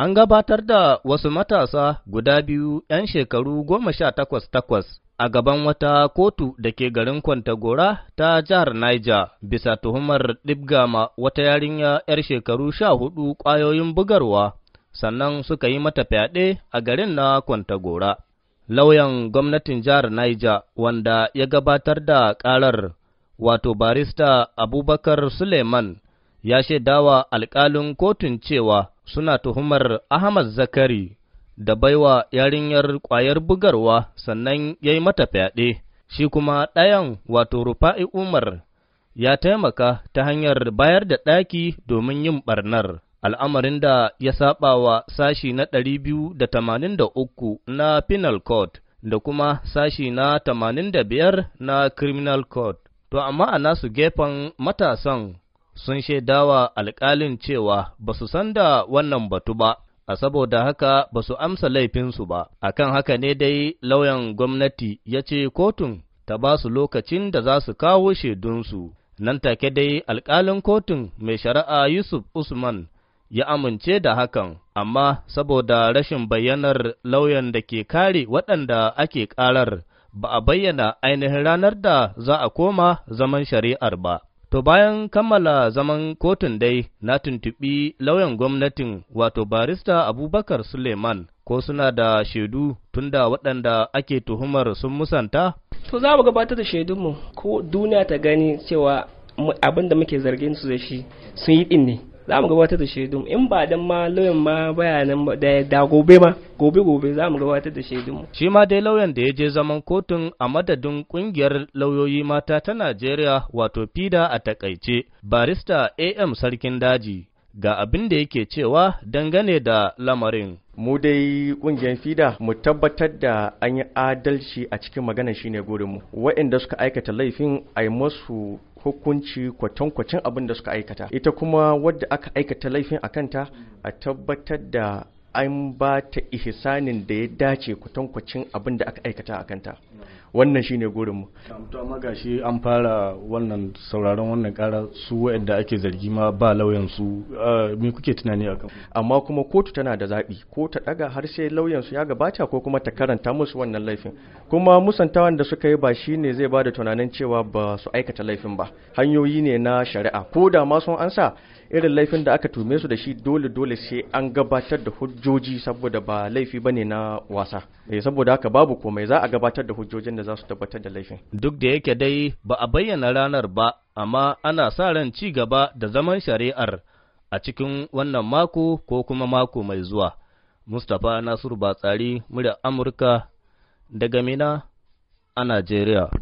An gabatar da wasu matasa guda biyu ‘yan shekaru goma sha takwas takwas a gaban wata kotu da ke garin Kwantagora ta jihar Niger bisa tuhumar ɗibgama wata yarinya ‘yar shekaru sha hudu ƙwayoyin bugarwa sannan suka yi mata fyaɗe a garin na Kwantagora. Lauyan gwamnatin jihar Niger wanda ya gabatar da ƙarar wato barista Abubakar Suleiman ya shaidawa alƙalin kotun cewa suna tuhumar Ahmad Zakari da baiwa yarinyar ƙwayar bugarwa sannan ya yi mata fyaɗe, shi kuma ɗayan wato Rufa'i Umar ya taimaka ta hanyar bayar da ɗaki domin yin ɓarnar. Al'amarin da ya saba wa sashi na 283 na Penal Code da kuma sashi na 85 na Criminal Code, to amma a nasu gefen matasan sun shaidawa alƙalin cewa ba su san da wannan batu ba, a saboda haka ba su amsa laifinsu ba, A kan haka ne dai lauyan gwamnati ya ce kotun ta ba su lokacin da za su kawo shaidunsu. Nan take dai alƙalin kotun mai shari'a Yusuf Usman ya amince da hakan, amma saboda rashin bayyanar lauyan da ke kare waɗanda ake ƙarar, ba a bayyana ainihin ranar da za a koma zaman shari'ar ba. To bayan kammala zaman kotun dai na tuntuɓi lauyan gwamnatin wato barista Abubakar Suleiman ko suna da shaidu tunda waɗanda ake tuhumar sun musanta? To za mu gabatar da shaidunmu ko duniya ta gani cewa abin da muke zargin su da shi sun yi ɗin ne. Za mu gabatar da shaidun in ba dan ma lauyan ma bayanan da gobe ma gobe gobe za mu gabatar da shaidunmu. Shi ma dai lauyan da ya je zaman kotun a madadin ƙungiyar lauyoyi mata ta Najeriya wato FIDA a takaice, barista AM Sarkin Daji ga abin da yake cewa dangane da lamarin. Mu dai ƙungiyar FIDA mu tabbatar da an yi adalci a cikin magana shine gurinmu. Waɗanda suka aikata laifin a yi masu hukunci kwatankwacin abin da suka aikata. Ita kuma wadda aka aikata laifin a kanta a tabbatar da an ba ta ihsanin da ya dace kwatankwacin abin da aka aikata a kanta wannan shine gurin mu to amma gashi an fara wannan sauraron wannan kara su waanda ake zargi ma ba lauyan su eh, me kuke tunani akan amma kuma kotu tana da zaɓi ko ta daga har sai lauyan ya gabata ko kuma ta karanta musu wannan laifin kuma musantawa da suka yi ba shine zai bada tunanin cewa ba su aikata laifin ba hanyoyi ne na shari'a ko da ma sun ansa irin laifin da aka tume su da shi dole dole sai an gabatar da hujjoji saboda ba laifi bane na wasa eh, saboda haka babu komai za a gabatar da hujjoji hujjojin da za su tabbatar da laifin. Duk da yake dai ba a bayyana ranar ba, amma ana sa ran ci gaba da zaman shari'ar a cikin wannan mako ko kuma mako mai zuwa. Mustapha Nasiru Batsari, murya Amurka daga Mina a Najeriya.